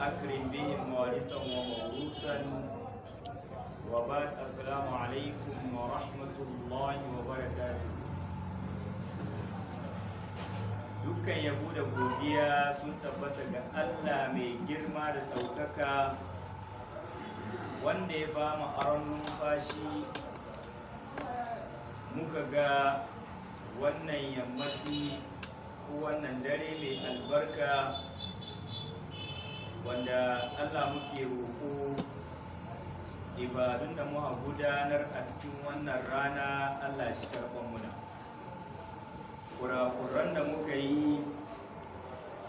أكرم بهم وارثا وموروثا وبعد السلام wa ورحمة الله وبركاته dukkan yabo da godiya sun tabbata ga Allah mai girma da ɗaukaka wanda ya ba mu aron numfashi muka ga wannan yammaci ko wannan dare mai albarka wanda allah muke roƙo ibadun da muka gudanar a cikin wannan rana allah shi karɓar muna kurakuran da muka yi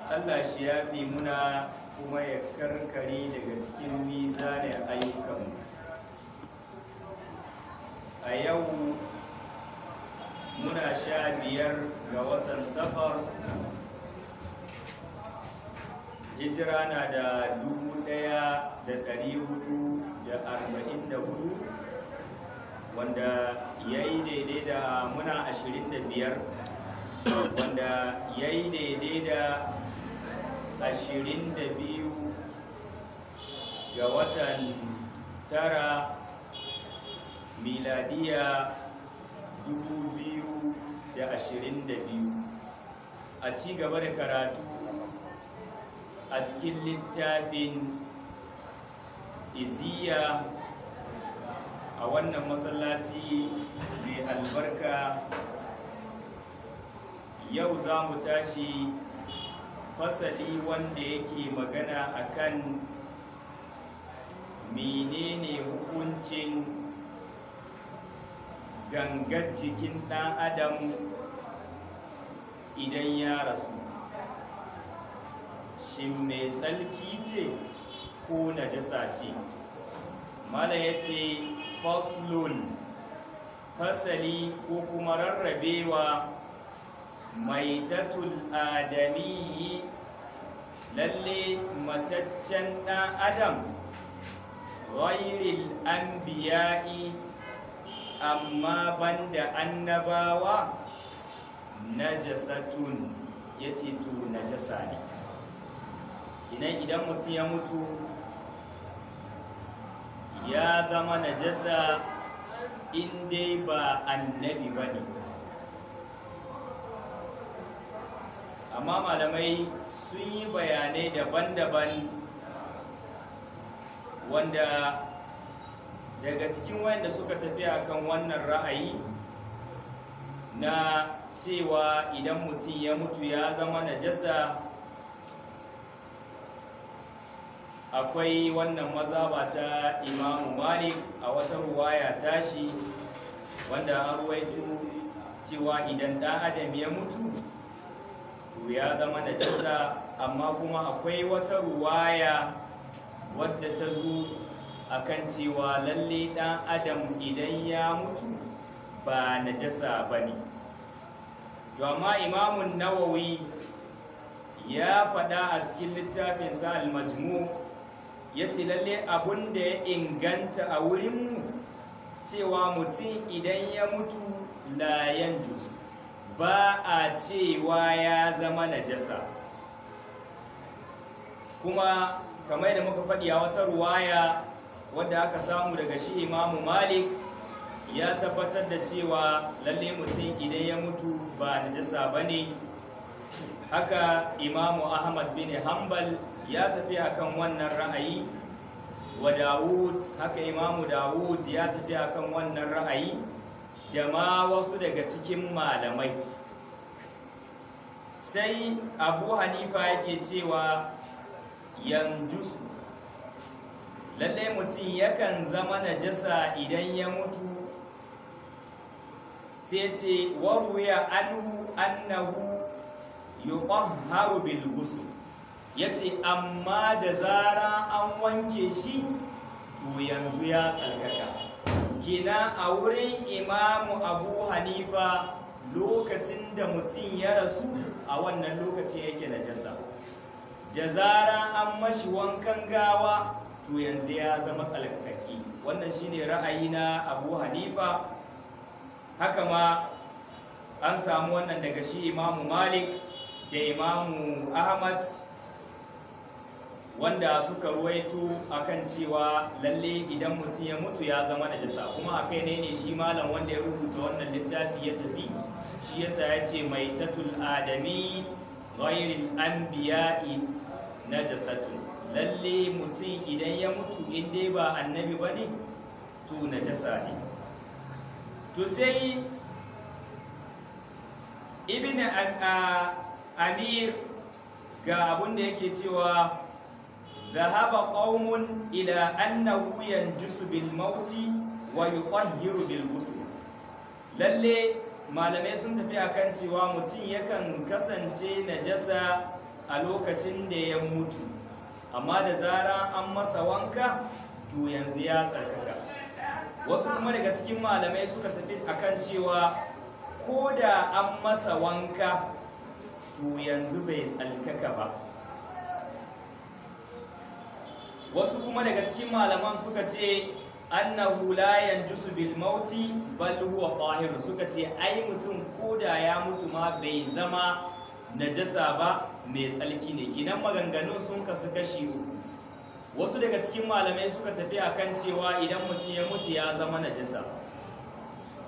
allah shi ya fi muna kuma ya karkare daga cikin mizanin ayyukanmu a yau muna sha biyar ga watan safar hijira na da dubu ɗaya da ɗari hudu da arba'in da hudu wanda ya yi daidai da muna ashirin da biyar wanda ya yi daidai da ashirin da biyu ga watan tara miladiya dubu biyu da ashirin da biyu a ci gaba da karatu a cikin littafin iziya a wannan masallaci mai albarka yau za mu tashi fasali wanda yake magana akan menene hukuncin gangar jikin ɗan adam idan ya rasu Shin mai tsarki ce ko najasa ce mala ya ce faslun fasali ko kuma rarrabewa maitatul adami lalle mataccen ɗan adam ghairil anbiya'i amma banda annabawa najasatun yace to najasa ne kinan idan mutum ya mutu ya zama najasa in dai ba annabi ba ne amma malamai sun yi bayanai daban-daban wanda daga cikin wayanda suka tafi akan wannan ra'ayi na cewa idan mutum ya mutu ya zama na jasa. akwai wannan maza ba ta imamu malik a wata ruwaya tashi wanda an ruwaito cewa idan ɗan adam ya mutu to ya zama da jasa amma kuma akwai wata ruwaya wadda ta zo a akan cewa lalle ɗan adam idan ya mutu ba na najasa ba ne amma imamun nawawi ya faɗa a cikin littafinsa al-majmu' ya ce lalle abun da ya inganta a wurinmu cewa mutum idan ya mutu layan jus ba a cewa ya zama najasa kuma kamar da muka faɗi a wata ruwaya wadda aka samu daga shi imamu malik ya tabbatar da cewa lalle mutum idan ya mutu ba najasa ba ne haka imamu ahmad bin hanbal ya tafi akan wannan ra'ayi wa Dawud haka Imamu Dawud ya tafi akan wannan ra'ayi da ma wasu daga cikin malamai sai Abu Hanifa yake cewa su lallai mutum yakan zama najasa idan ya mutu sai ce waruya anhu annahu yuqahharu bil ghusl ya ce amma da zara an wanke shi to yanzu ya tsarkaka gina a wurin imamu abu hanifa lokacin da mutum ya rasu a wannan lokaci yake najasa da zara an mashi wankan gawa to yanzu ya zama tsalkaki wannan shine ra'ayi na abu hanifa haka ma an samu wannan daga shi imamu malik da imamu ahmad wanda suka ruwaito akan cewa lalle idan mutum ya mutu ya zama jasa, kuma akai ne ne shi malam wanda ya rubuta wannan littafi ya tafi shi yasa ya ce mai tatul adami ghairil anbiya'i najasatun lalle mutum idan ya mutu in dai ba annabi ba ne to najasa ne to sai ibn amir ga abun da yake cewa dhahaba qaumun ila annahu yanjusu bil mauti wa lalle malamai sun tafi akan cewa mutum yakan kasance najasa a lokacin da ya mutu amma da zara an masa wanka to yanzu ya tsarkaka wasu kuma daga cikin malamai suka tafi akan cewa ko da an masa wanka to yanzu bai tsarkaka ba wasu kuma daga cikin malaman suka ce annahu la yanjusu bil mauti bal huwa tahir suka ce ai mutum ko da ya mutu ma bai zama najasa ba mai tsalki ne kinan maganganun sun kasu kashi uku wasu daga cikin malamai suka tafi akan cewa idan mutum ya mutu ya zama najasa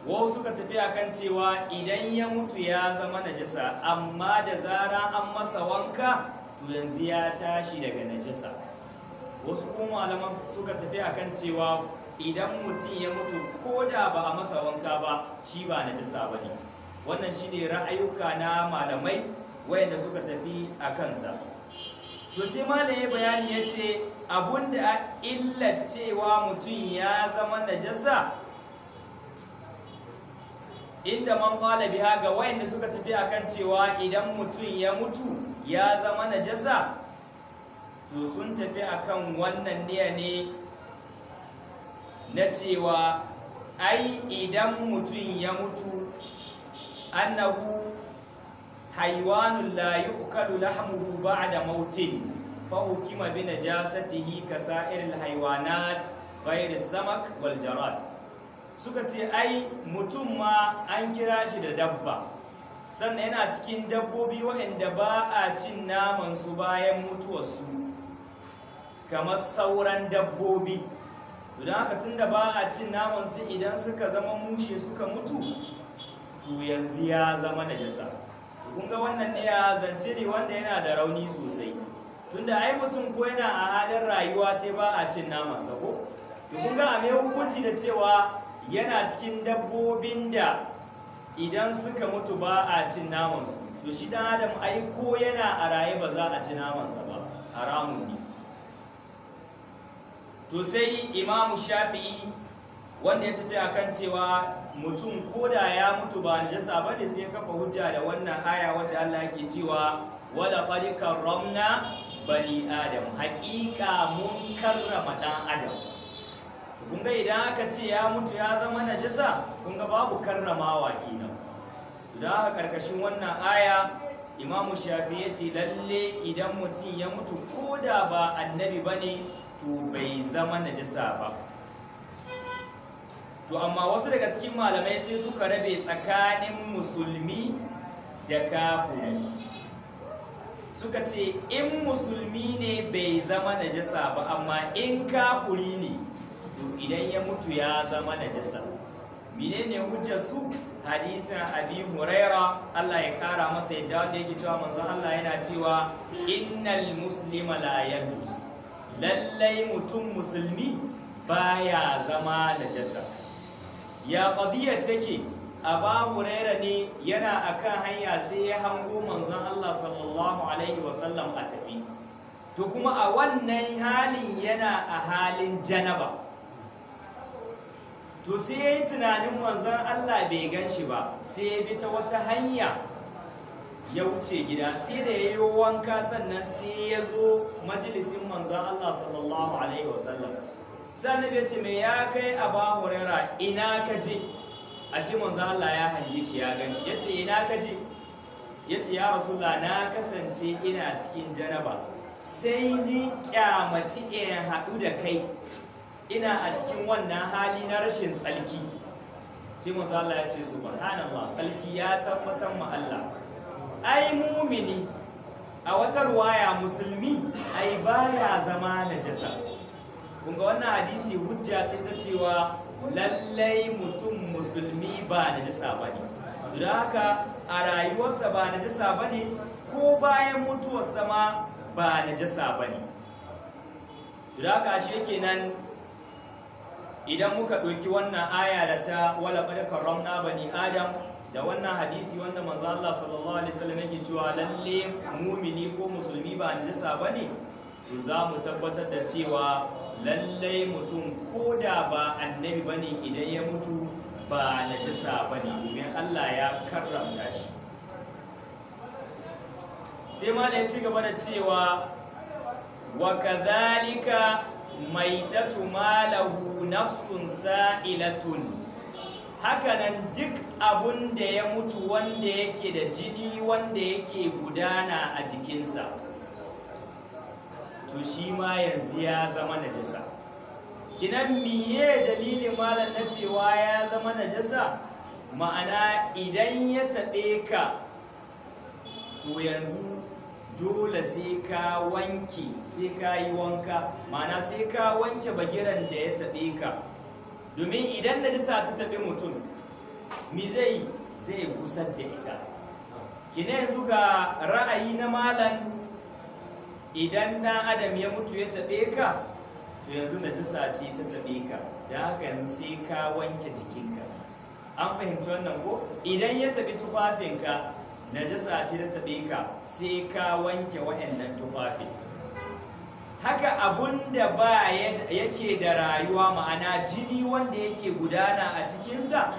wasu suka tafi akan cewa idan ya mutu ya zama najasa amma da zara an masa wanka to yanzu ya tashi daga najasa wasu kuma malaman suka tafi akan cewa idan mutum ya mutu ko da ba a masa wanka ba shi ba na jisa ba ne wannan shi ne ra'ayuka na malamai wayanda suka tafi a kansa to sai malam ya bayani ya ce abinda a illar cewa mutum ya zama najasa inda man kwala biya ga wayanda suka tafi akan cewa idan mutum ya mutu ya zama najasa to sun tafi akan wannan niyya ne na cewa ai idan mutum ya mutu annahu haiwanun la yu'kalu lahmuhu ba'da mautin fa hukima bi najasatihi ka sa'iril haiwanat ghayr samak wal suka ce ai mutum ma an kira shi da dabba sannan yana cikin dabbobi waɗanda ba a cin naman su bayan mutuwarsu kamar sauran dabbobi to don haka tunda ba a cin naman su idan suka zama mushe suka mutu to yanzu ya zama najasa kun ga wannan ne ya zance ne wanda yana da rauni sosai tunda ai mutum ko yana a halin rayuwa ce ba a cin naman sa ko to ga a mai hukunci da cewa yana cikin dabbobin da idan suka mutu ba a cin naman su to shi dan adam ai ko yana a raye ba za a ci naman sa ba haramun ne to sai imamu shafi'i wanda ya tafi a kan cewa mutum koda ya mutu ba jasa ba ne sai kafa hujja da wannan aya wanda Allah ke cewa wala qad ramna bani adam haqiqa mun karrama ɗan adam kun idan aka ce ya mutu ya zama na jasa? kunga babu karramawa kenan da aka karkashin wannan aya imamu shafi ya ce lalle idan mutum ya mutu ko da ba annabi ba ne? to bai zama najasa ba to amma wasu daga cikin malamai sai suka rabe tsakanin musulmi da kafiri suka ce in musulmi ne bai zama najasa ba amma in kafiri ne to idan ya mutu ya zama najasa menene hujjar su hadisin abi huraira Allah ya kara masa yadda wanda yake cewa manzon Allah yana cewa innal muslima la yadus lallai mutum musulmi baya zama jasa. ya qadiyar take a babu raira ne yana akan hanya sai ya hango manzon Allah sallallahu alaihi wasallam a tafi to kuma a wannan halin yana a halin janaba to sai ya yi tunanin manzon Allah bai gan shi ba sai ya bi ta wata hanya ya wuce gida sai da ya yi wanka sannan sai ya zo majalisin manzan Allah sallallahu alaihi wasallam ya ce mai ya kai a hurera ina ka je a shi manzan Allah ya hanyi shi ya gan shi ya ce ina ka je ya ce ya rasula na kasance ina cikin janaba sai ni kyamaci in haɗu da kai ina a cikin wannan hali na rashin tsalki sai manzan Allah ya ce subhanallah tsalki ya tabbatar ma Allah ai mumini a wata ruwaya musulmi ai baya zama najasa kun ga wannan hadisi hujja ce ta cewa lallai mutum musulmi ba najasa ne. da haka a rayuwarsa ba najasa ne ko bayan mutuwarsa ma ba najasa ne. da haka shi nan idan muka ɗauki wannan aya da ta wala ƙarƙar ramna bani adam da wannan hadisi wanda manzo Allah sallallahu alaihi wasallam yake cewa lalle mumini ko musulmi ba jisa bane to za mu tabbatar da cewa lalle mutum ko da ba annabi bane idan ya mutu ba najisa bane domin Allah ya karramta shi sai ma da ya ci gaba da cewa wa kadhalika maitatu malahu nafsun sa'ilatun hakanan duk abun da ya mutu wanda yake da jini wanda yake gudana a jikinsa to shi ma yanzu ya zama najasa kinan miye dalilin malam na cewa ya zama najasa ma'ana idan ya taɓe ka to yanzu dole sai ka wanke sai ka yi wanka ma'ana sai ka wanke bagiran da ya taɓe ka domin idan najasa ta taɓi mutum mi zai zai gusar da ita kina yanzu ga ra'ayi na malam idan na adam ya mutu ya taɓe ka to yanzu najasa ce ta taɓe ka da haka yanzu sai ka wanke jikinka an fahimci wannan ko idan ya taɓi tufafinka najasa ce ta taɓe ka sai ka wanke waɗannan tufafin haka abun da ba yake da rayuwa ma'ana jini wanda yake gudana a cikinsa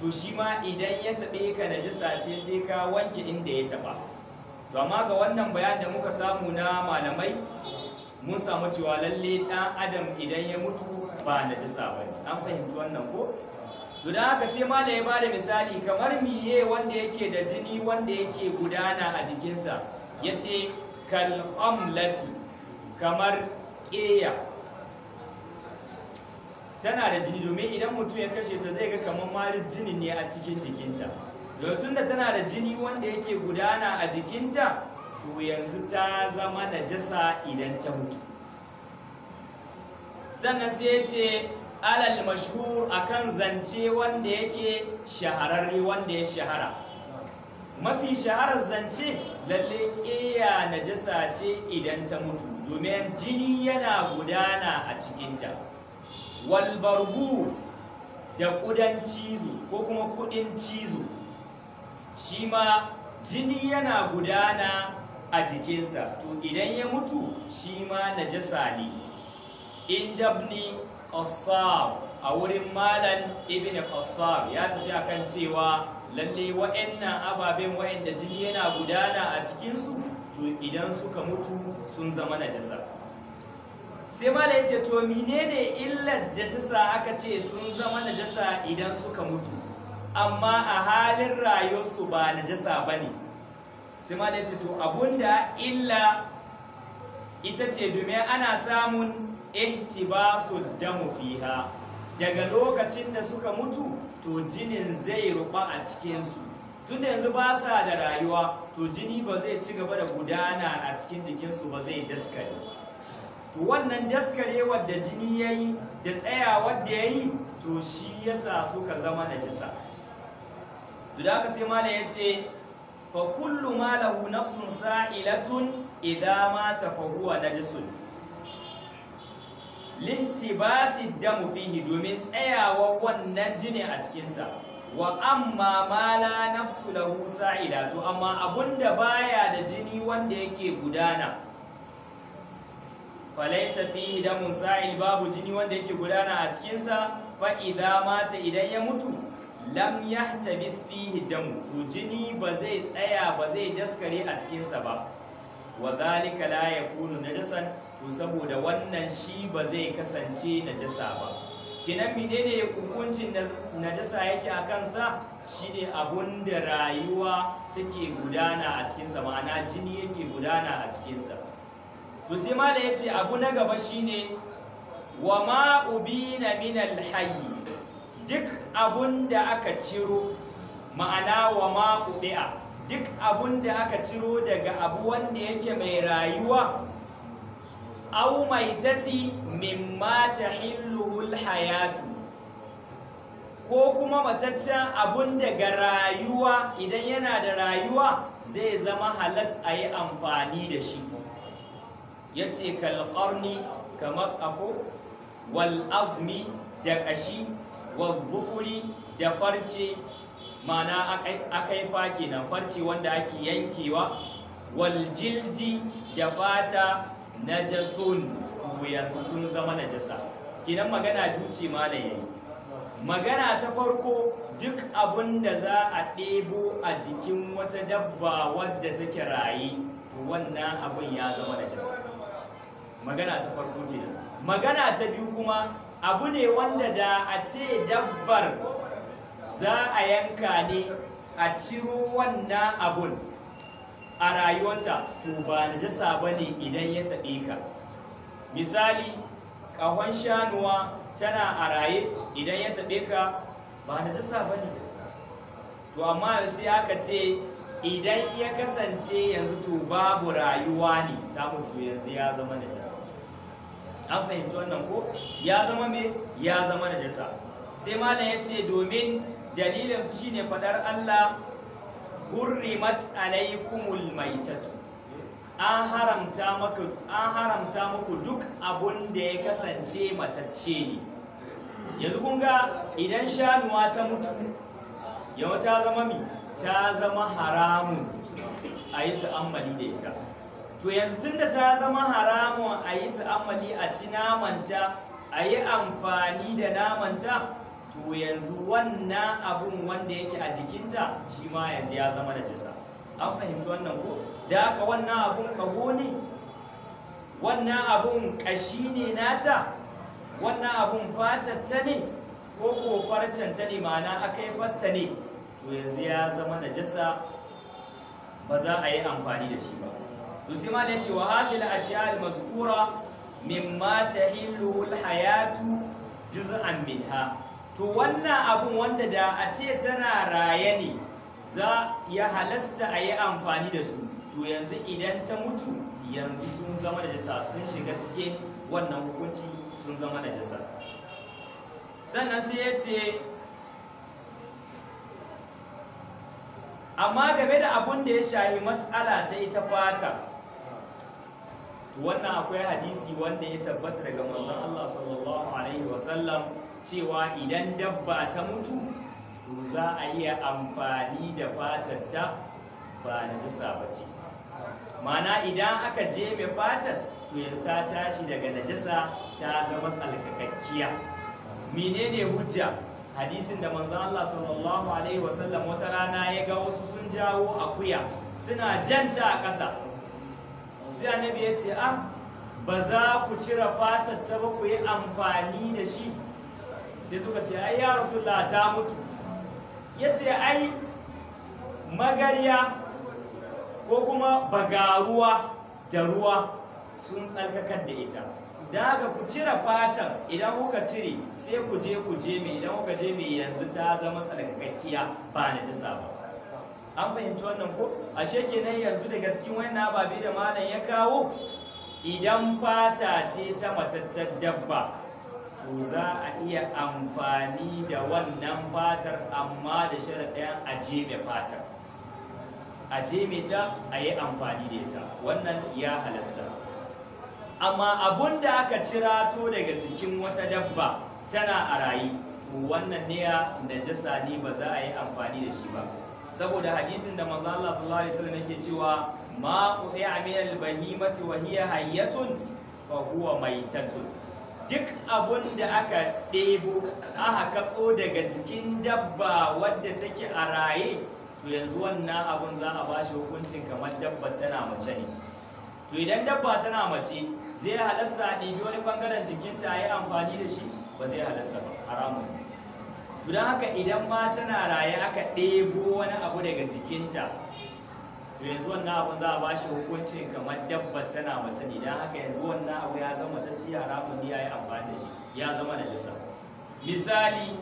to shi ma idan ya taɓe ka najisa ce sai ka wanke inda ya taɓa to amma ga wannan bayan da muka samu na malamai mun samu cewa lalle ɗan adam idan ya mutu ba jisa ba ne an fahimci wannan ko to da haka sai da ya bada misali kamar miye wanda yake da jini wanda yake gudana a jikinsa ya ce kal'amlati kamar ƙeya tana da jini domin idan mutum ya kashe ta zai ga kamar mali jini ne a cikin jikinta domin tun da tana da jini wanda yake gudana a jikinta to yanzu ta zama jasa idan ta mutu sannan sai ce alal mashhur akan zance wanda yake shahararri wanda ya shahara mafi shaharar zance lalle ƙeya jasa ce idan ta mutu domin jini yana gudana a cikinta walbarbus da kudan cizo ko kuma kudin cizo shi ma jini yana gudana a jikinsa to idan ya mutu shi ma na najasa ne in dabni qassab a wurin malan ibn qassab ya tafi akan cewa lalle wa'annan ababen wa'anda jini yana gudana a cikinsu idan suka mutu sun zama najasa sai mala ya ce to menene illar da ta sa aka ce sun zama najasa idan suka mutu amma a halin rayuwarsu ba najasa ba ne sai mala ya ce to abunda illa ita ce domin ana samun ihtibasu damu fiha daga lokacin da suka mutu to jinin zai ruba a cikinsu tunda yanzu ba sa da rayuwa to jini ba zai ci gaba da gudana a cikin jikinsu ba zai daskare to wannan daskarewar da jini ya yi da tsayawar da ya yi to shi yasa suka zama jisa to da aka sai mala ya ce fa kullu ma lahu nafsun sa'ilatun idza mata fa huwa najisun lihtibasi damu fihi domin tsayawa wannan jini a cikinsa wa amma ma la nafsu lahu sa'ida to amma abunda baya da jini wanda yake gudana laysa da damun sa'il babu jini wanda yake gudana a cikin sa fa idza mata idan ya mutu lam yahtabis fihi dam to jini ba zai tsaya ba zai daskare a cikin sa ba wa dhalika la yakunu najasan to saboda wannan shi ba zai kasance najasa ba kenan menene hukuncin da najasa yake a kansa shine abun da rayuwa take gudana a cikinsa ma'ana jini yake gudana a cikinsa to sai mala yace abu na gaba shine wa ma ubina min alhayi duk abun da aka ciro ma'ana wa ma ma'ubi'a duk abun da aka ciro daga abu wanda yake mai rayuwa au maitati mimma tahillu hayatu ko kuma mataccen abun daga rayuwa idan yana da rayuwa zai zama halas a yi amfani da shi ya ce kalƙarni kamar ƙafo wal da ƙashi wal bukuri da farce mana fake kenan farce wanda ake yankewa wal jildi da fata na najasun ko yanzu sun zama na jasa. kinan magana duci malam yayi magana ta farko duk abin da za a ɗebo a jikin wata dabba wadda take rayi wannan abin ya zama da jasa magana ta farko kenan magana ta biyu kuma abu ne wanda da a ce dabbar za a yanka ne a ciro wannan abun a rayuwarta to ba najasa ba ne idan ya taɓe ka misali kahon shanuwa tana a raye idan ya taɓe ka ba na jisa ba ne to amma sai aka ce idan ya kasance yanzu to babu rayuwa ne ta mutu yanzu ya zama na jisa an fahimci wannan ko ya zama me ya zama na jisa sai malam ya ce domin dalilinsu shine faɗar allah hurrimat alaikumul maitatu an haramta maku muku duk abun da ya kasance matacce ne yanzu kun ga idan shanuwa ta mutu yau ta zama mi ta zama haramun a yi ta'ammali da ita to yanzu tun da ta zama haramun a yi ta'ammali a ci namanta a yi amfani da namanta to yanzu wannan abun wanda yake a jikinta shi ma yanzu ya zama da jisa. an fahimci wannan ko da haka wannan abun kaho ne wannan abun ƙashi ne nata wannan abun fatatta ne ko ko farcanta ne ma'ana aka yi fatta ne to yanzu ya zama jasa ba za a yi amfani da shi ba to sai malam ce wa hasil ashiya al mazkura mimma tahillu al hayatu juz'an minha to wannan abun wanda da a ce tana raye ne za ya halasta a yi amfani da su to yanzu idan ta mutu yanzu sun zama da jasa sun shiga cikin wannan hukunci sun zama da jasa. sannan sai ya ce amma game da abun da ya shahi matsala ta ita fata To wannan akwai hadisi wanda ya tabbata daga manzon Allah sallallahu alaihi wasallam cewa idan dabba ta mutu to za a iya amfani da fatarta ba na jisa ba ce mana idan aka je jefe fatat to ta tashi daga najasa ta zama tsalkakakkiya menene hujja hadisin da manzo Allah sallallahu alaihi wasallam wata rana ya ga wasu sun jawo akuya suna janta a ƙasa sai annabi ya ce ah ba za ku cire fatat ta ba ku yi amfani da shi sai suka ce ai ya rasulullah ta mutu ya ce ai magarya ko kuma bagaruwa da ruwa sun tsarkakar da ita daga ku cire fatan idan kuka cire sai ku je ku je mai idan kuka je mai yanzu ta zama tsarkakakkiya ba na jisa ba an fahimci wannan ko ashe kenan yanzu daga cikin wannan ababe da malam ya kawo idan fata ce ta matattar dabba to za a iya amfani da wannan fatar amma da sharaɗin a jeme fatar a je ta a yi amfani da ita wannan ya halasta amma abun da aka cira to daga cikin wata dabba tana a rayi to wannan ne ya najasa ne ba za a yi amfani da shi ba saboda hadisin da manzo Allah sallallahu alaihi wasallam yake cewa ma usai min al wa hiya hayyatun fa huwa maitatun duk abun da aka ɗebo aka katso daga cikin dabba wadda take a raye to yanzu wannan abun za a bashi hukuncin kamar dabba tana mace ne to idan dabba tana mace zai halasta a ɗibi wani ɓangaren jikinta a yi amfani da shi ba zai halasta ba haramun to don haka idan ma tana raye aka ɗebo wani abu daga jikinta to yanzu wannan abun za a bashi hukuncin kamar dabba tana mace ne don haka yanzu wannan abu ya zama ci haramun ne ya yi amfani da shi ya zama najasa misali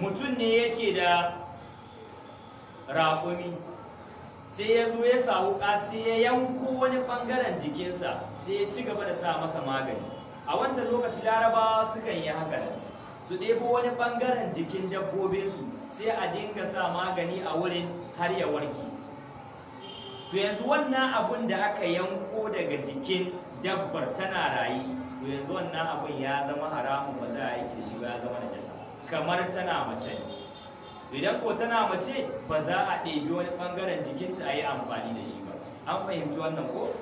mutum ne yake da raƙumi sai ya zo ya sa wuƙa sai ya yanko wani ɓangaren jikinsa sai ya ci gaba da sa masa magani a wancan lokaci larabawa sukan yi haka su ɗebo wani ɓangaren jikin dabbobinsu sai a dinga sa magani a wurin har ya warke to yanzu wannan abun da aka yanko daga jikin dabbar tana rayu, to yanzu wannan abun ya zama haramun ba za a yi shi ba ya zama najasa kamar tana mace to idan ko tana mace ba za a ɗebi wani ɓangaren jikinta a yi amfani da shi ba an fahimci wannan ko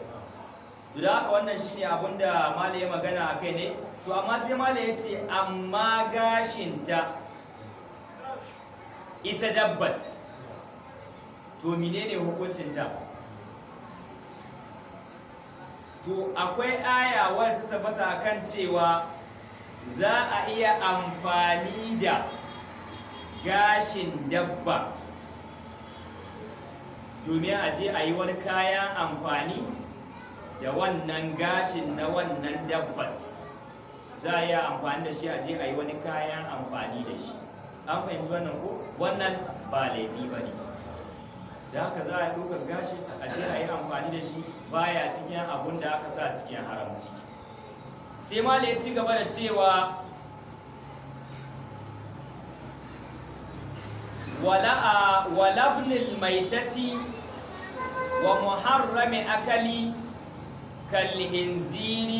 to da haka wannan shine abin da mala ya magana a kai ne to amma sai mala ya ce amma gashinta ita dabbat to menene hukuncinta to akwai aya wadda ta tabbata kan cewa za a iya amfani da gashin dabba domin a je a yi wani kayan amfani da wannan gashin na wannan dabbat za a yi amfani da shi a je a yi wani kayan amfani da shi an fahimci wannan ko wannan ba laifi ba ne da haka za a ɗaukar gashin a je a yi amfani da shi baya cikin abun da aka sa cikin haramci sai ma ya ci gaba da cewa mai tati ولبن الميتة ومحرم أكل كالهنزير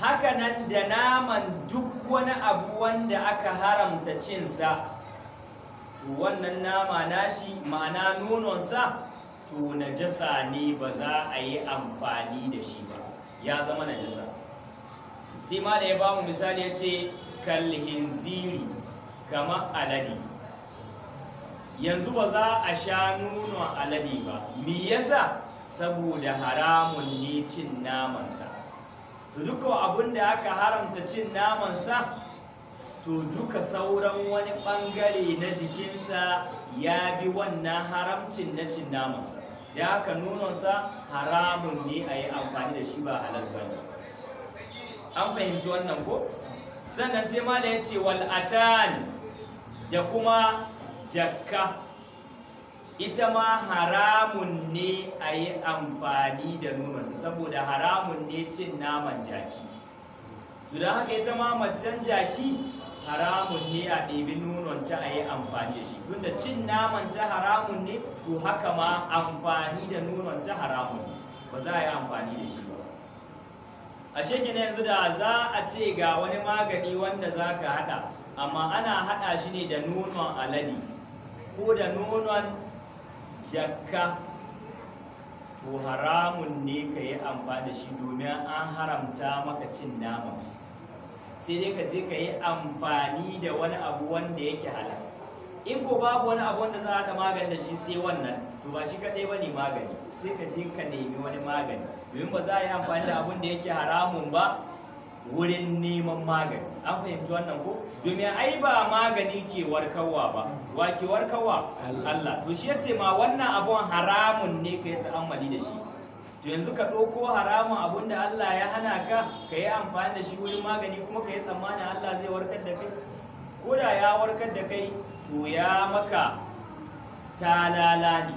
Haka nan da naman duk wani abu wanda aka haramta cinsa to wannan nama nashi ma'ana nononsa to najasa ne ba za a yi amfani da shi ba ya zama najasa sai ma da ya ba mu misali ya ce kalhinziri kama alade yanzu ba za a sha nuno alade ba me yasa saboda haramun ne cin namansa to duka abin da aka haramta cin namansa to duka sauran wani bangare na jikinsa ya bi wannan haramcin na cin namansa da aka nunansa, haramun ne a yi amfani da shi ba halas ba an fahimci wannan ko? sannan sai da ya ce wal'atan da kuma jakka ita ma haramun ne a yi amfani da nonon saboda haramun ne cin naman jaki duda haka ita ma macen jaki haramun ne a ɗebi nononta a yi amfani da shi tunda cin naman ta haramun ne to haka ma amfani da nononta haramun ne ba za a yi amfani da shi ba ashe kenan yanzu da za a ce ga wani magani wanda za ka haɗa amma ana haɗa shi ne da nonon alade ko da nonon jakka to haramun ne ka yi amfani da shi domin an haramta maka cin naman sai dai ka je ka yi amfani da wani abu wanda yake halas in ko babu wani abu wanda za a haɗa magani da shi sai wannan to ba shi kaɗai ba ne magani sai ka je ka nemi wani magani domin ba za a yi amfani da abin da yake haramun ba wurin neman magani an fahimci wannan ko domin ai ba magani ke warkarwa ba wa ke warkarwa Allah to shi yace ma wannan abun haramun ne ka yi ta'ammali da shi to yanzu ka ɗauko haramun abun da Allah ya hana ka ka yi amfani da shi wurin magani kuma ka yi tsammanin Allah zai warkar da kai ko da ya warkar da kai to ya maka talala ne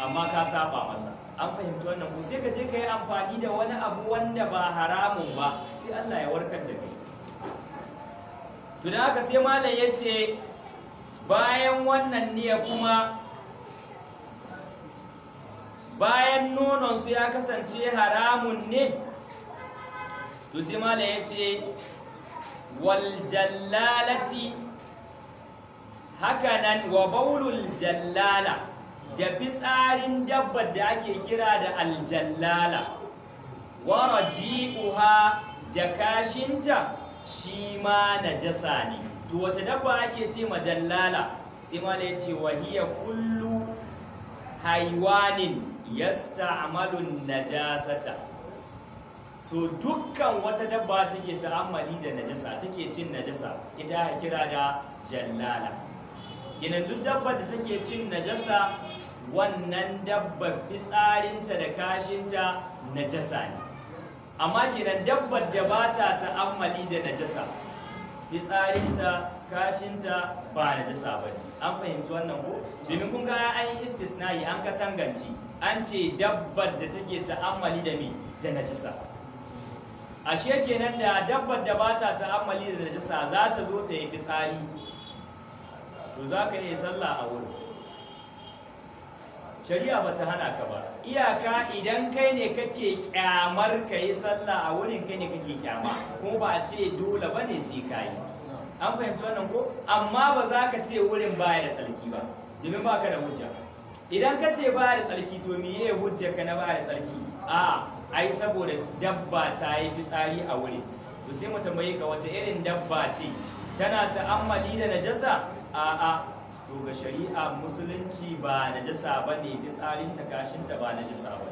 amma ka saba masa an fahimci wannan ku. sai ka je ka yi amfani da wani abu wanda ba haramun ba sai Allah ya warkar da kai to da haka sai malam ya ce bayan wannan niyya kuma bayan nonon su ya kasance haramun ne to sai malam ya ce wal jallalati haka wa baulul jallala da fitsarin dabbar da ake kira da aljallala wa raji'uha da kashinta shi ma najasa ne to wace dabba ake ce majallala sai ma da yace wa hiya kullu haiwanin yasta'malu najasata to dukkan wata dabba take ta'ammali da najasa take cin najasa ita kira da jallala ginan duk dabba da take cin najasa wannan dabbar fitsarinta da kashinta najasa ne amma kenan dabbar da ba ta ta'ammali da najasa fitsarinta kashinta ba najasa ba ne an fahimci wannan ko domin kun ga an yi istisnayi an katanganci an ce dabbar da take ta'ammali da me da najasa ashe kenan da dabbar da ba ta ta'ammali da najasa za ta zo ta yi fitsari to za ka iya sallah a wurin shari'a ba ta hana ka ba iyaka idan kai ne kake kyamar ka yi sallah a wurin kai ne kake kyama kuma ba a ce dole ba ne sai ka yi an fahimci wannan ko amma ba za ka ce wurin baya da tsarki ba domin ba ka da hujja idan ka ce baya da tsarki to me ya hujja ka na baya da tsarki a ai saboda dabba ta yi fitsari a wurin to sai mu tambaye ka wace irin dabba ce tana ta'ammali da najasa a'a to ga shari'a musulunci ba na jasa ba ne ta kashin ta ba na jasa ba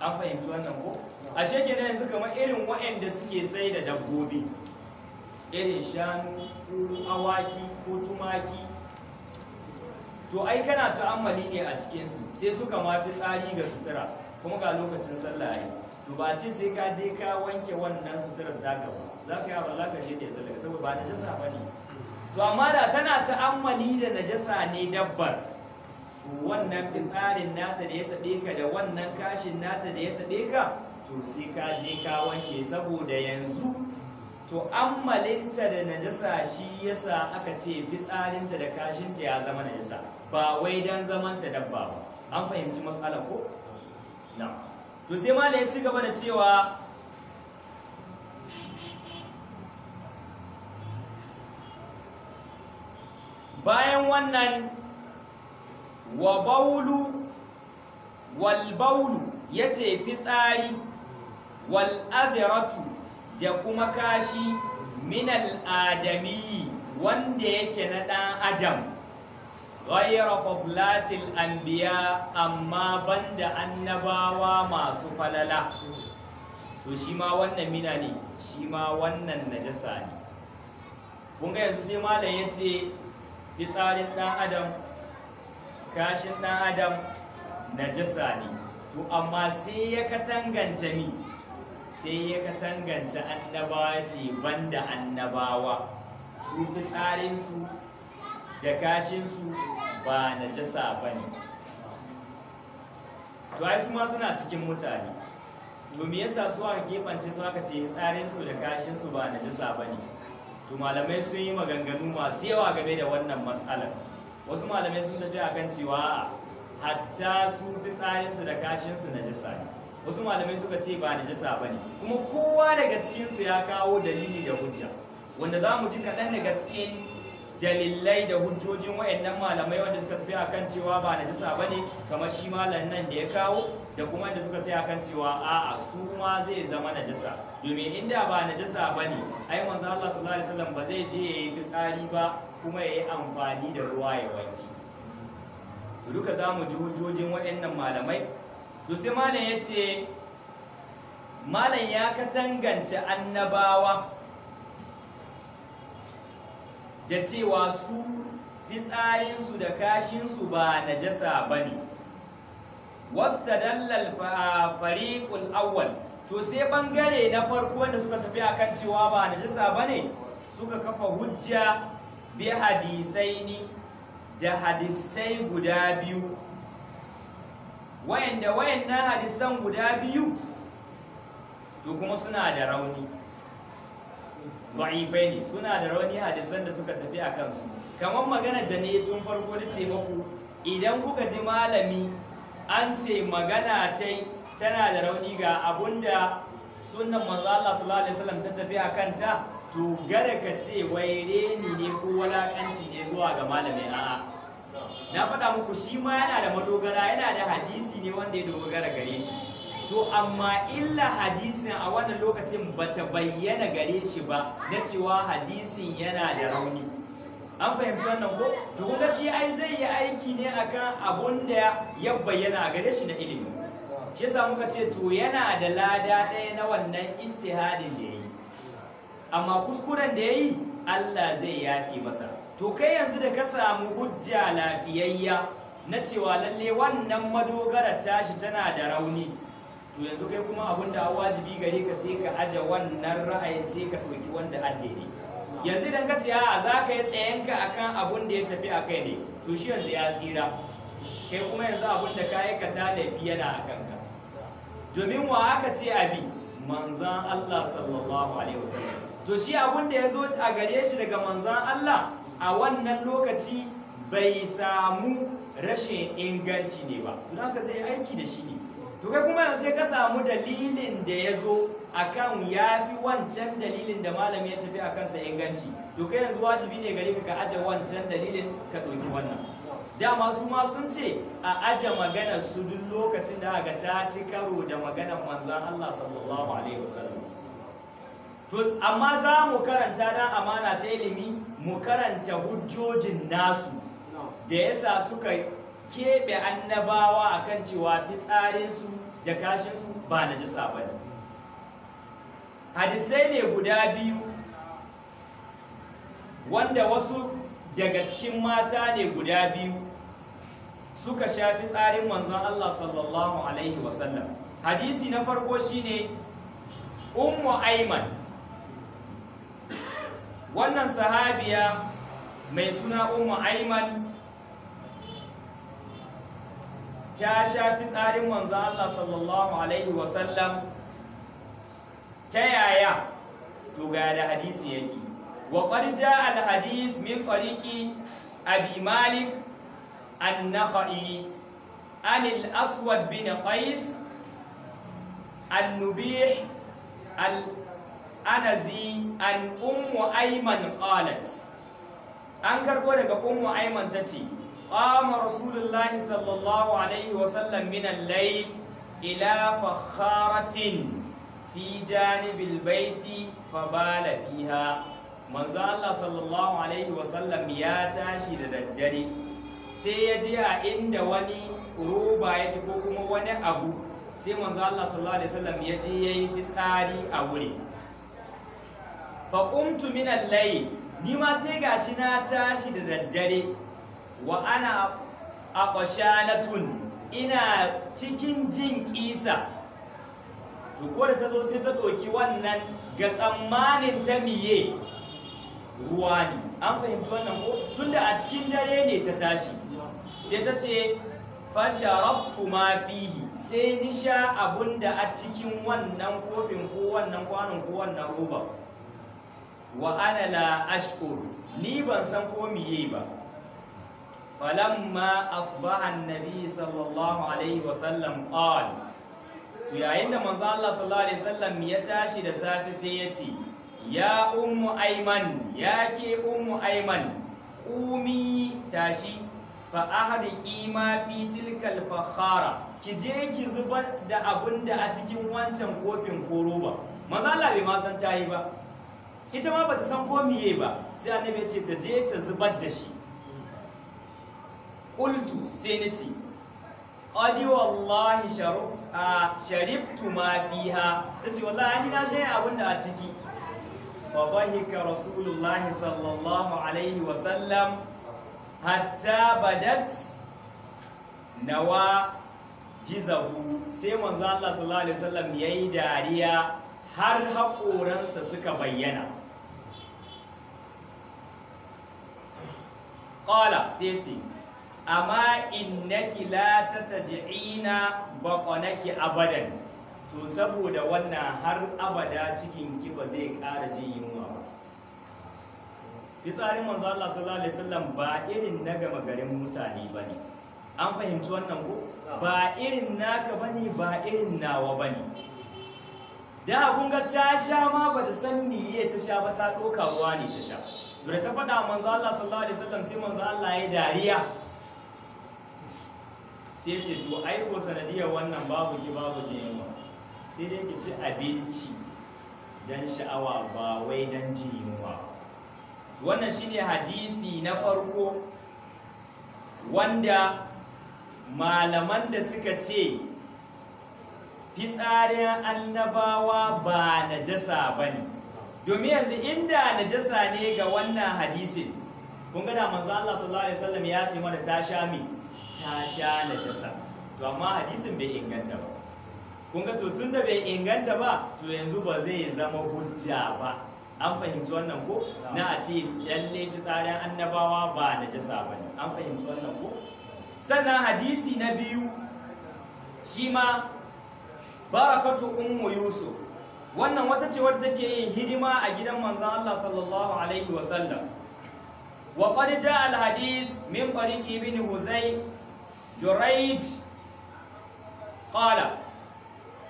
an fahimci wannan ko ashe na yanzu kama irin waɗanda suke sai da dabbobi irin shanu awaki ko tumaki to ai kana ta'ammali ne a cikinsu sai suka ma fi tsari ga sutura kuma ga lokacin sallah yi to ba ce sai ka je ka wanke wannan suturar ta gaba za ka yi ba za ka je da ya daga saboda ba na jasa ba ne to amma da tana ta'ammali da najasa ne dabbar wannan fitsarin nata da ya taɓe ka da wannan kashin nata da ya taɓe ka to sai ka je ka wanke saboda yanzu to ammalinta da najasa shi yasa aka ce fitsarinta da kashinta ya zama najasa ba wai dan zamanta dabba ba an fahimci matsalar ko na to sai ma ya ci gaba da cewa bayan wannan wa baulu wal baulu yace fitsari wal adiratu da kuma kashi minal adami wanda yake na dan adam ghayra fadlatil anbiya amma banda annabawa masu falala to shi ma wannan mina ne shi ma wannan najasa ne kun ga yanzu sai malam yace fitsarin ɗan adam kashin ɗan adam na najasa ne to amma sai ya katangance ni sai ya katangance annabawa ce wanda annabawa su fitsarinsu da kashinsu ba na jisa ba ne to ai su ma suna cikin mutane domin yasa su aka keɓance su aka ce tsarinsu da gashinsu ba najasa ba ne to malamai sun yi maganganu masu yawa game da wannan matsalar wasu malamai sun tafi akan cewa hatta su fitsarinsu da kashinsu na jisa ne wasu malamai suka ce ba na jisa ba ne kuma kowa daga cikinsu ya kawo dalili da hujja wanda za mu ji kaɗan daga cikin dalilai da hujjojin wa'annan malamai wanda suka tafi akan cewa ba na jisa ba ne kamar shi malam nan da ya kawo da kuma da suka tafi akan cewa a'a su ma zai zama na jisa domin inda ba na najasa ba ne ai manzo Allah sallallahu alaihi wasallam ba zai je yayi fitsari ba kuma yayi amfani da ruwa ya wanki to duka zamu ji hujjojin waɗannan malamai to sai malam yace malam ya katangance annabawa da cewa su fitsarinsu da kashinsu ba na jasa ba ne wasu tadallal fariƙul awwal to sai bangare na farko wanda suka tafi akan cewa ba najasa bane suka kafa hujja bi hadisaini da hadisai guda biyu wayanda wayannan hadisan guda biyu to kuma suna da rauni da'ifai ne suna da rauni hadisan da suka tafi a kansu kamar magana da ne tun farko da ce muku idan kuka ji malami an ce magana ta tana da rauni ga abunda sunan manzo Allah sallallahu alaihi wasallam ta tafi akan ta to gare ka ce wai reni ne ko walakanci ne zuwa ga malami a'a na faɗa muku shi ma yana da madogara yana da hadisi ne wanda ya dogara gare shi to amma illa hadisin a wannan lokacin bata bayyana gare shi ba na cewa hadisin yana da rauni an fahimci wannan ko to kuma shi ai zai yi aiki ne akan abun da ya bayyana a gare shi na ilimi shi yasa muka ce to yana da lada ɗaya na wannan istihadin da yi? amma kuskuren da yi Allah zai yaƙi masa to kai yanzu da ka samu hujja lafiyayya na cewa lalle wannan madogarar tashi tana da rauni to yanzu kai kuma abin da wajibi gare ka sai ka aje wannan ra'ayin sai ka ɗauki wanda addini yanzu idan ka ce a za ka yi tsayenka akan abin da ya tafi a kai ne to shi yanzu ya tsira kai kuma yanzu abin da ka aikata laifi yana a kanka domin wa aka ce a bi. manzan Allah sallallahu alaihi wasallam to shi abun da ya zo a gare shi daga manzan Allah a wannan lokaci bai samu rashin inganci ne ba don aka sai aiki da shi ne to kai kuma yanzu sai ka samu dalilin da ya zo akan ya fi wancan dalilin da malami ya tafi a kansa inganci to kai yanzu wajibi ne gare ka ka aje wancan dalilin ka ɗauki wannan dama su ma sun ce a aje maganar su duk lokacin da aka ta ci karo da maganar manzan Allah sallallahu alaihi wasallam to amma za mu karanta dan amana ta ilimi mu karanta hujjojin nasu da yasa suka keɓe annabawa akan cewa su da kashinsu ba na jisa ba ne hadisai ne guda biyu wanda wasu daga cikin mata ne guda biyu suka shafi tsarin manzon Allah sallallahu alaihi wasallam hadisi na farko shine ummu aiman wannan sahabiya mai suna ummu aiman ta shafi tsarin manzo Allah sallallahu alaihi wasallam ta yaya to ga da hadisi yake wa qad al hadis min tariqi abi malik النخعي عن الأسود بن قيس النبيح الأنزي عن أم أيمن قالت أنكر قولك أم أيمن تتي قام رسول الله صلى الله عليه وسلم من الليل إلى فخارة في جانب البيت فبال فيها manzo Allah sallallahu alaihi wasallam ya tashi da daddare sai ya ji a inda wani roba ya ko kuma wani abu sai manzo Allah sallallahu alaihi wasallam ya je yayi fitsari a wuri fa qumtu min al-layl ni ma sai gashi na tashi da daddare wa ana aqshanatun ina cikin jin kisa to ko da tazo sai ta doki wannan ga tsammanin ta miye ruwa ne an fahimci wannan ko tunda a cikin dare ne ta tashi sai ta ce fasharabtu ma fihi sai nisha sha abun da a cikin wannan kofin ko wannan kwanon ko wannan roba wa ana la ashkur ni ban san ko miye ba falamma asbaha annabi sallallahu alaihi wa sallam to yayin da manzo Allah sallallahu alaihi wasallam ya tashi da safi sai ya ce ya ummu ayman ya ke ummu ayman kumi tashi fa ahadi ma fi tilkal fakhara ki je ki zubar da abinda a cikin wancan kofin ko roba maza Allah bai ma san ta ba ita ma bata san ko miye ba sai annabi ya ce ta je ta zubar da shi qultu sai nace qadi wallahi sharu a sharibtu ma fiha tace wallahi ni na shaye abinda a ciki fa bahika rasulullahi sallallahu alaihi wa sallam hatta badat nawa jizahu sai manzo Allah sallallahu alaihi wasallam yayi dariya har haƙoransa suka bayyana qala sai ce amma innaki la tatajina baqanaki abadan to saboda wannan har abada cikin ki ba zai ƙara jin fitsarin manzo Allah sallallahu alaihi wasallam ba irin na gama garin mutane bane an fahimci wannan ko ba irin naka bane ba irin nawa bane da kun ga ta sha ma ba da san miye ta sha ba ta doka ruwa ne ta sha dole ta faɗa manzo Allah sallallahu alaihi wasallam sai manzo Allah ya dariya sai ce to ai ko sanadiyar wannan babu ki babu ji sai dai ki ci abinci dan sha'awa ba wai dan jinwa ba wannan shine hadisi na farko wanda malaman da suka ce fitsarin annabawa ba najasa ba ne domin yanzu inda najasa ne ga wannan hadisin kun gada manzo Allah sallallahu alaihi wasallam ya ce mana ta sha mi ta sha najasa to amma hadisin bai inganta ba kun ga to tunda bai inganta ba to yanzu ba zai zama hujja ba an fahimci wannan ko na a ce lalle fitsarin annabawa ba na jasa ba ne an fahimci wannan ko sannan hadisi na biyu shi ma barakatu ummu yusuf wannan wata ce wadda take yin hidima a gidan manzon Allah sallallahu alaihi wa sallam wa qad jaa al hadith min tariq ibn huzay jurayj qala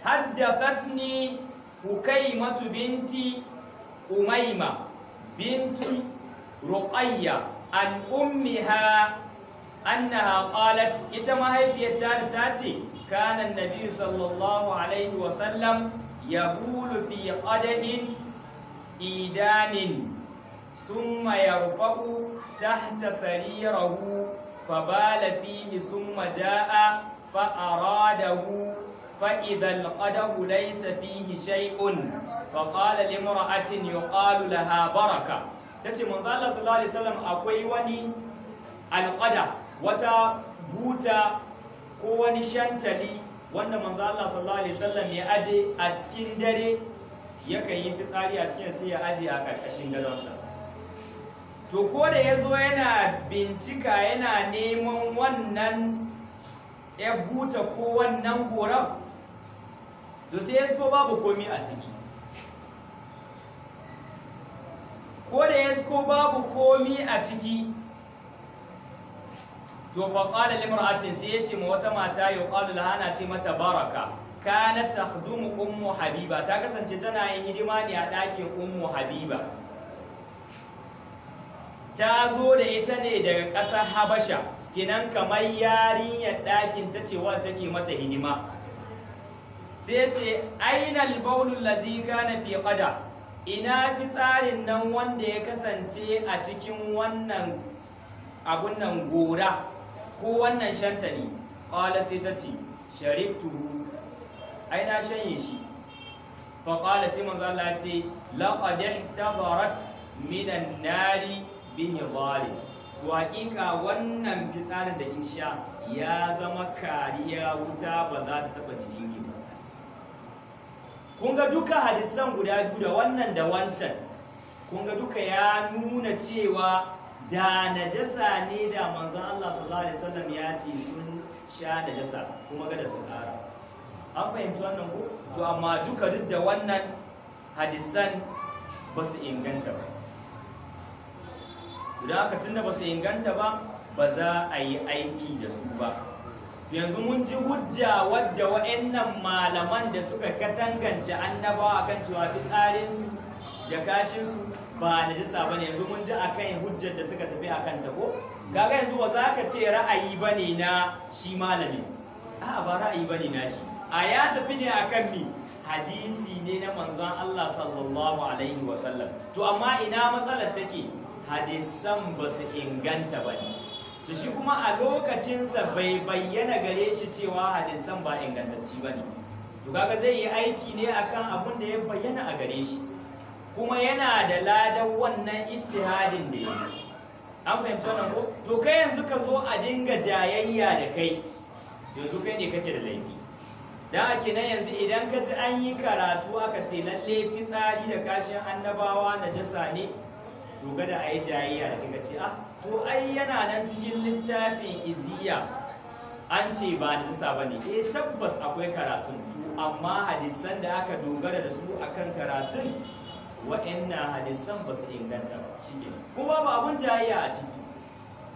haddathatni hukaymatu binti أميمة بنت رقية عن أمها أنها قالت إتما هي في تاتي كان النبي صلى الله عليه وسلم يبول في قدح إيدان ثم يرفع تحت سريره فبال فيه ثم جاء فأراده فإذا القدح ليس فيه شيء فقال qala يقال لها بركة baraka tace manzo Allah sallallahu alaihi akwai wani alqada wata buta ko wani shantali wanda manzo Allah sallallahu ya aje a cikin dare yakan yi fitsari a cikin sai ya aje a ƙarƙashin gadonsa to ko da ya zo yana bincika yana neman wannan ya buta ko wannan goran to sai ya babu komi a ciki isko babu komi a ciki to fa qala sai ya yace ma wata mata ya qalu lahana ce mata baraka kanat takhdumu ummu habiba ta kasance tana yin hidima ne a ɗakin ummu habiba ta zo da ita ne daga ƙasar habasha kinan kamar yarinyar ɗakin ta ce wa take mata hidima sai ce ainal Baulun lazi kana fi qada ina fitsarin nan wanda ya kasance a cikin wannan abun nan gora ko wannan shantani ƙwala sai ta ce sharif ai na shanye shi fa ƙwala sai manzo ce laqad minan nari bin zalim to haƙiƙa wannan fitsarin da kin sha ya zama kariya wuta ba za ta taɓa jiki kun ga duka hadisan guda biyu da wannan da wancan kun ga duka ya nuna cewa da najasa ne da manzon Allah sallallahu alaihi wasallam ya ce sun sha jasa, kuma ga da su ƙara an fahimci wannan ko to amma duka duk da wannan hadisan ba su inganta ba idan aka tunda ba su inganta ba ba za a yi aiki da su ba yanzu mun ji hujja wadda wa'annan malaman da suka katangance annabawa kan cewa fitsarinsu da kashinsu ba na ba bane yanzu mun ji akan hujjar da suka tafi a ta ko gaga yanzu ba za ka ce ra'ayi ba ne na shi malami a'a ba ra'ayi ba ne na shi a ya tafi ne a kan mi hadisi ne na manzon Allah sallallahu alaihi wasallam to amma ina matsalar take hadisan ba su inganta ba ne? to shi kuma a lokacinsa bai bayyana gare shi cewa hadisan ba ingantacci ba ne to kaga zai yi aiki ne akan abin da ya bayyana a gare shi kuma yana da ladan wannan istihadin da ya an fahimci wannan ko to kai yanzu ka zo a dinga jayayya da kai yanzu kai ne kake da laifi dan a kenan yanzu idan ka ji an yi karatu aka ce lalle fitsari da kashin annabawa najasa ne to kada a yi jayayya da kai ka ce ah to ai yana nan cikin littafin iziya an ce ba hadisa ba ne E, tabbas akwai karatun to amma hadisan da aka dogara da su akan karatun wa'annan hadisan ba su inganta ba kuma ba abun jayayya a ciki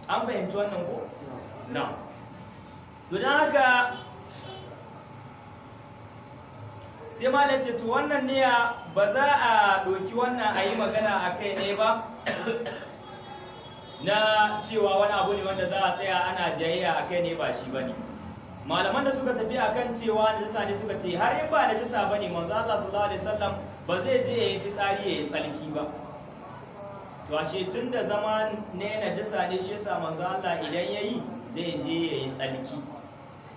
an fahimci wannan ko na to don haka sai malam ce to wannan ne ba za a doki wannan a yi magana a kai ne ba na cewa wani abu ne wanda za a tsaya ana jayayya a kai ne ba shi ba ne malaman da suka tafi a kan cewa najisa ne suka ce har yin ba najisa ba ne manzo Allah sallallahu alaihi wasallam ba zai je ya yi fitsari ya yi tsarki ba to ashe tun da zama ne najisa ne shi yasa manzo Allah idan ya yi zai je ya yi tsarki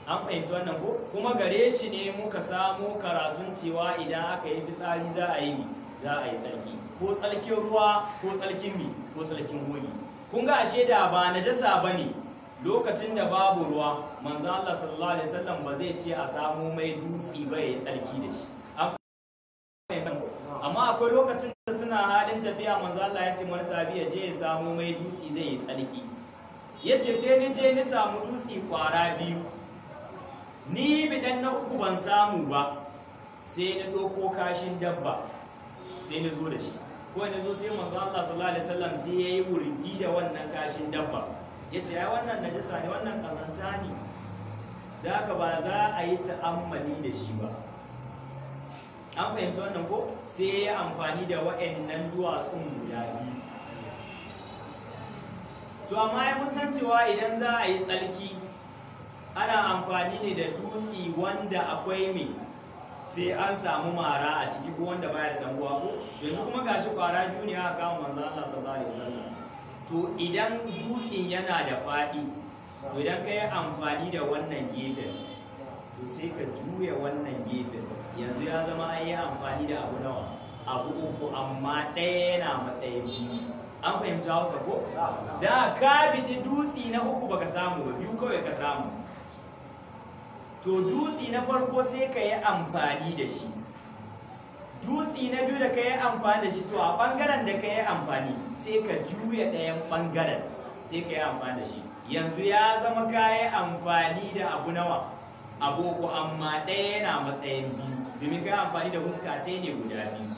an fahimci wannan ko kuma gare shi ne muka samu karatun cewa idan aka yi fitsari za a yi za a yi tsarki ko tsarkin ruwa ko tsarkin mi ko tsarkin goyi kun ga ashe da ba na ba ne lokacin da babu ruwa manzo Allah sallallahu alaihi wasallam ba zai ce a samu mai dutsi ba ya tsarki da shi amma akwai lokacin da suna halin tafiya manzo Allah ya ce wani sahabi ya je ya samu mai dutsi zai yi tsarki ya ce sai ni je ni samu dutsi kwara biyu ni bidan na uku ban samu ba sai na ɗauko kashin dabba sai ni zo da shi kawai na zo sai manzo Allah sallallahu alaihi wasallam sai yayi yi wurgi da wannan kashin dabba ya ce ya wannan najisa ne wannan kazanta ne da haka ba za a yi ta'ammali da shi ba an fahimta wannan ko sai ya amfani da wa'annan duwatsun guda biyu to amma ya san cewa idan za a yi tsalki ana amfani ne da dutsi wanda akwai mai sai an samu mara a ciki ko wanda baya da dan ko yanzu kuma gashi kwara biyu ne aka kawo manzo Allah sallallahu alaihi wasallam to idan dutsen yana da fadi to idan ka amfani da wannan gefen to sai ka juya wannan gefen yanzu ya zama an yi amfani da abu nawa abu uku amma ɗaya yana matsayin biyu an fahimta hausa ko da ka bi dutse na uku baka samu ba biyu kawai ka samu to dutsi na farko sai ka yi amfani da shi dutsi na biyu da ka yi amfani da shi to a bangaren da ka yi amfani sai ka juya ɗayan ɓangaren sai ka yi amfani da shi yanzu ya zama ka yi amfani da abu nawa aboko amma ɗaya yana matsayin biyu domin ka yi amfani da huska ta ne guda biyu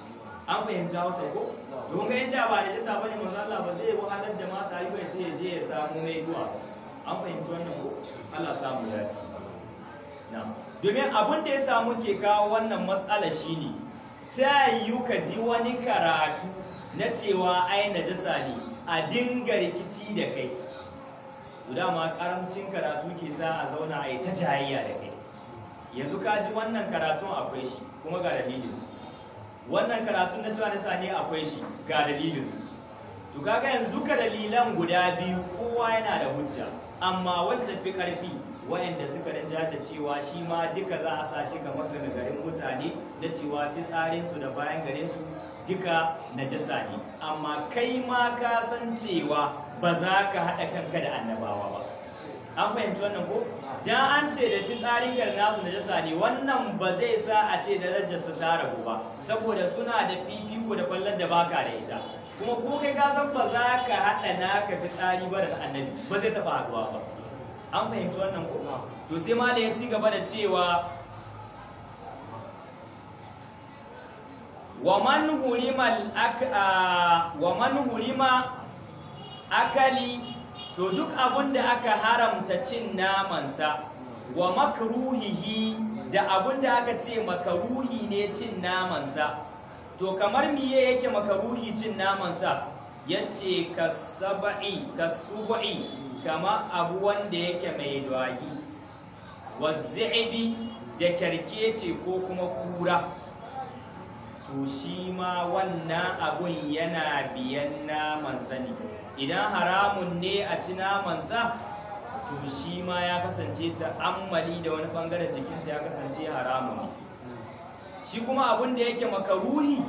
an fahimci hausa ko don ga yadda ba da jisa bane manzo Allah ba zai wahalar da masu ayyuka ya ce ya je ya samu mai duwa an fahimci wannan ko Allah samu dace domin abin da ya samu ke kawo wannan matsala shine ta yiwu ka ji wani karatu na cewa ai najasa ne a dinga rikici da kai to dama karamcin karatu ke sa a zauna a yi ta jayayya da kai yanzu ka ji wannan karatun akwai shi kuma ga dalilinsu wannan karatun na cewa najasa ne akwai shi ga dalilinsu to kaga yanzu duka dalilan guda biyu kowa yana da hujja amma wacce tafi karfi wayanda suka rinja da cewa shi ma duka za a sa shi kamar garin mutane na cewa fitsarinsu da bayan garinsu duka najasa ne amma kai ma ka san cewa ba za ka haɗa kanka da annabawa ba an fahimci wannan ko dan an ce da fitsarin garin nasu najasa ne wannan ba zai sa a ce darajarsa ta ragu ba saboda suna da fifiko da kwallon da baka da ita kuma ko kai ka san ba za ka haɗa naka fitsari ba da annabi ba zai taɓa haɗuwa ba an fahimci wannan ko to sai mala ya ci gaba da cewa wa man hurima wa man hulima akali to duk abun da aka haramta cin namansa wa makruhihi da abun da aka ce makaruhi ne cin namansa to kamar miye yake makaruhi cin namansa yace ka kasubu'i kama abu wanda yake mai dwagi zi'ibi da ce ko kuma kura to shi ma wannan abun yana biyan naman sani idan haramun ne a ci naman sa, to shi ma ya kasance ta'ammali da wani bangaren jikinsa ya kasance haramun shi kuma abun da yake makaruhi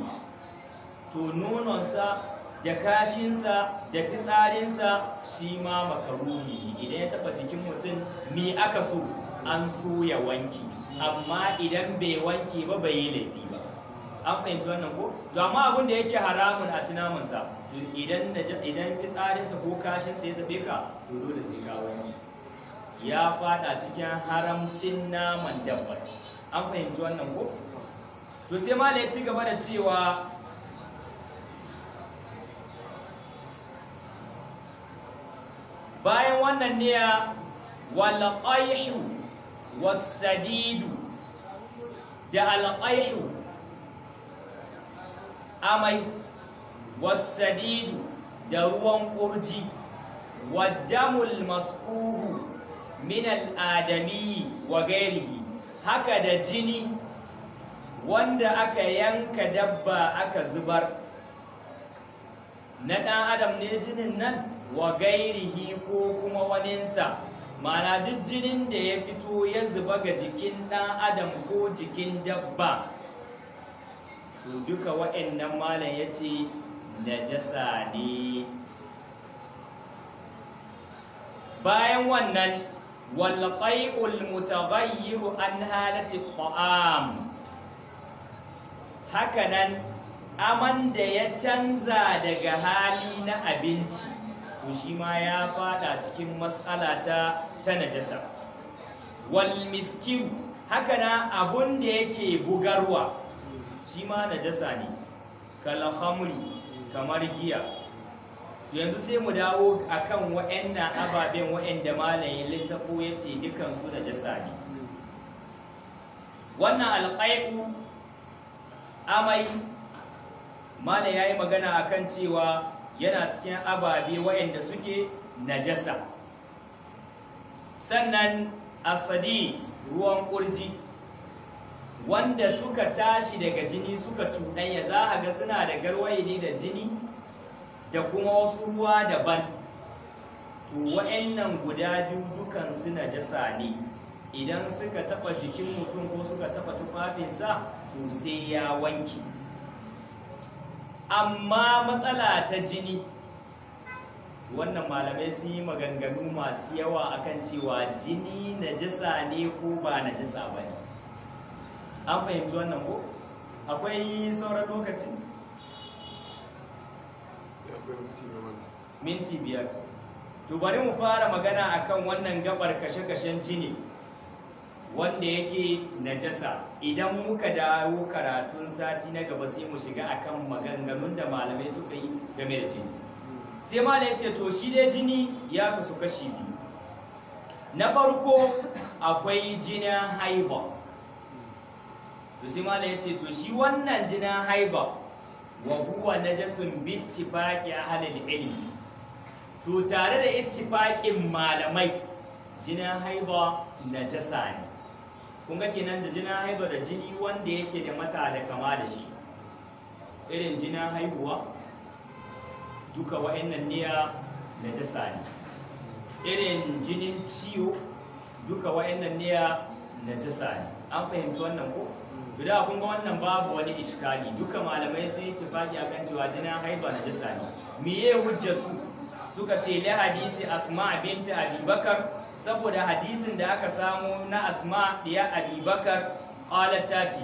to nonon sa. da kashinsa da fitsarinsa shi ma makaruni idan ya taba jikin mutum me aka so an so ya wanki amma idan bai wanki ba bai yi laifi ba an fahimci wannan ko to amma abin da yake haramun a ci namansa idan idan fitsarinsa ko kashinsa ya tabe ka to dole sai ka wani ya fada cikin haramcin naman dabba an fahimci wannan ko to sai malai ci gaba da cewa bayan wannan niyya wal qaihu was sadidu da al amai was sadidu da ruwan ƙurji waddamul masfuhu min adami wa ghairihi haka da jini wanda aka yanka dabba aka zubar na ɗan adam ne jinin nan wa gairihi ko kuma waninsa mana duk jinin da ya fito ya zuba ga jikin ɗan adam ko jikin dabba to duka wa'annan malam ya ce najasa ne bayan wannan walƙai'ul mutaghayyiru an halatti ta'am hakanan aman da ya canza daga hali na abinci to shi ma ya fada cikin matsala ta ta najasa wal miskin haka na abun da yake bugarwa shi ma najasa ne kal kamar giya yanzu sai mu dawo akan waɗannan ababen waɗanda malamin lissafo ya ce dukansu najasa ne wannan alƙaibu amai Malam ya yi magana a kan cewa yana cikin ababe waɗanda suke najasa sannan asadid ruwan kurji wanda suka tashi daga jini suka cuɗanya za a ga suna da garwaye ne da jini da kuma wasu ruwa daban to wa'annan guda biyu dukansu najasa ne idan suka taɓa jikin mutum ko suka taɓa tufafinsa to sai ya wanke amma matsala ta jini wannan malamai sun yi maganganu masu yawa akan cewa jini najasa ne ko ba najasa ba ne an fahimci wannan ko akwai sauran lokaci minti biyar to bari mu fara magana akan wannan gabar kashe-kashen jini wanda yake najasa idan muka dawo karatun sati na gaba sai mu shiga akan maganganun da malamai suka yi game da jini sai malam ce to shi dai jini ya kasu kashi biyu na farko akwai jinin haiba to sai malam ce to shi wannan jinin haiba wa huwa najasun bi a ahlil ilimi, to tare da ittifaqin malamai jinin haiba najasa ne kun ga kenan da jinin haihuwa da jini wanda yake da mata da kama da shi irin jinin haihuwa duka wa'annan niya na jasa ne irin jinin ciwo duka wa'annan niya na jasa ne an fahimci wannan ko to da kun ga wannan babu wani iskali duka malamai sun yi tufaki akan cewa jinin haihuwa na jasa ne me ye hujja su suka ce la hadisi asma binti abubakar saboda hadisin da aka samu na asma ya abibakar qalat tati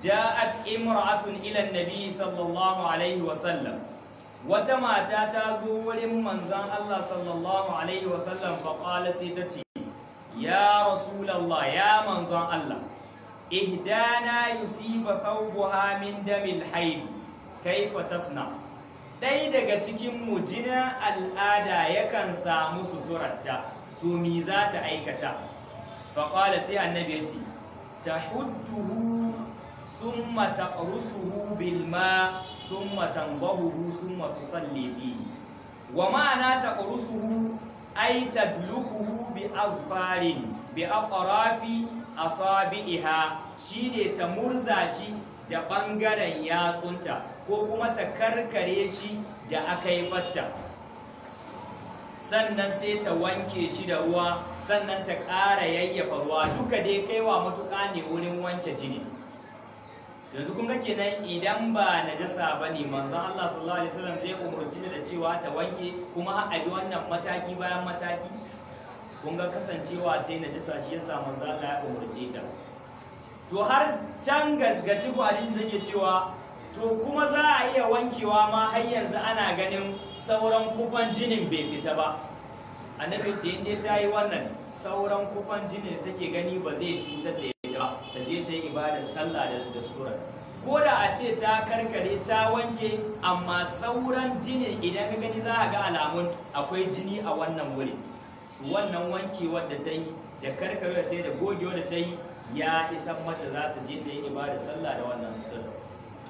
ja'at imra'atun ila an-nabi sallallahu alaihi wa sallam wata mata ta zo wurin manzon Allah sallallahu alaihi wa sallam fa qala sai ya rasulullah ya manzon Allah ihdana yusiba thawbuha min damil hayd kaifa tasna' ɗaya daga cikin jina al'ada yakan samu suturarta to me za ta aikata faƙwala sai annabi ya ce ta hudduhu sun mata mataƙarusuhu bilma sun matambahuhu sun matusalle wa ma'ana taƙarusuhu ai tablukuhu bi azfarin bi iha shi ne ta murza shi da ɓangaren yatsunta ko kuma ta karkare shi da aka yi fatta sannan sai ta wanke shi da ruwa sannan ta ƙara yayyafa ruwa duka dai kaiwa matuƙa ne wurin wanke jini yanzu kun ga kenan idan ba najasa ba ne manzon Allah sallallahu alaihi wasallam zai umurci da cewa ta wanke kuma a bi wannan mataki bayan mataki kun ga kasancewa ta najasa shi yasa manzon Allah ya umurce ta to har can ga cikin hadisin da ke cewa to kuma za a iya wankewa ma har yanzu ana ganin sauran kufan jinin bai fita ba annabi ce inda ta yi wannan sauran kufan jinin da take gani ba zai cutar da ita ba ta je ta yi ibada sallah da dasturar ko da a ce ta karkare ta wanke amma sauran jinin idan ka gani za a ga alamun akwai jini a wannan wuri wannan wanki da ta yi da karkare ta yi da gogewa da ta yi ya isan mata za ta je ta yi ibada sallah da wannan sutura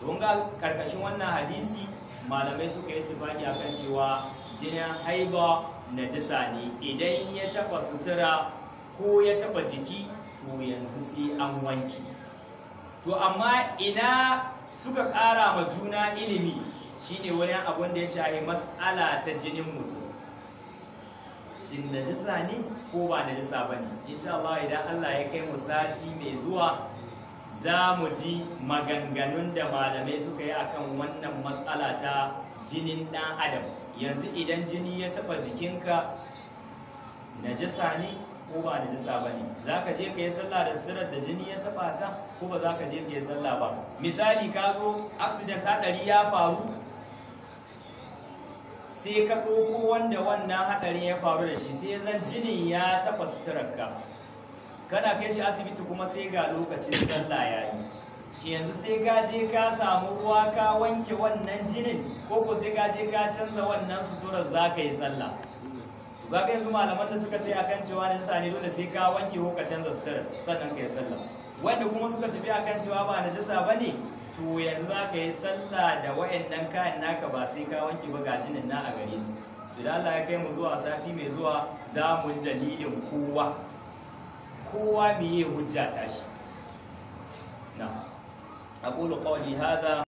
don ga karkashin wannan hadisi malamai suka yi tufaki kan cewa jinin haiba najisa ne idan ya taba sutura ko ya taba jiki to yanzu sai an wanki to amma ina suka kara ma juna ilimi shine wani abun da ya shahi matsala ta jinin mutum shin jisa ne ko ba na jisa ba ne insha Allah idan Allah ya kai mu sati mai zuwa za mu ji maganganun da malamai suka yi akan wannan matsala ta jinin ɗan adam yanzu idan jini ya taɓa jikinka najasa ne ko ba najasa ba ne za ka je ka yi sallah da sitirar da jini ya taɓa ta ko ba za ka je ka yi sallah ba misali ka zo accident haɗari ya faru sai ka ɗauko wanda wannan haɗarin ya faru da shi sai zan jinin ya taɓa suturarka kana kai shi asibiti kuma sai ga lokacin sallah ya yi shi yanzu sai ka je ka samu ruwa ka wanke wannan jinin ko ko sai ka je ka canza wannan suturar za ka yi sallah ga yanzu malaman da suka ce akan cewa na jisa dole sai ka wanke ko ka canza sutura sannan ka yi sallah wanda kuma suka tafi akan cewa ba na jisa ba ne to yanzu za ka yi sallah da wa'annan kayan naka ba sai ka wanke ba ga jinin na a gare su idan Allah ya kai mu zuwa sati mai zuwa za mu ji dalilin kowa kowa meye hujja tashi shi na aqulu qawli hadha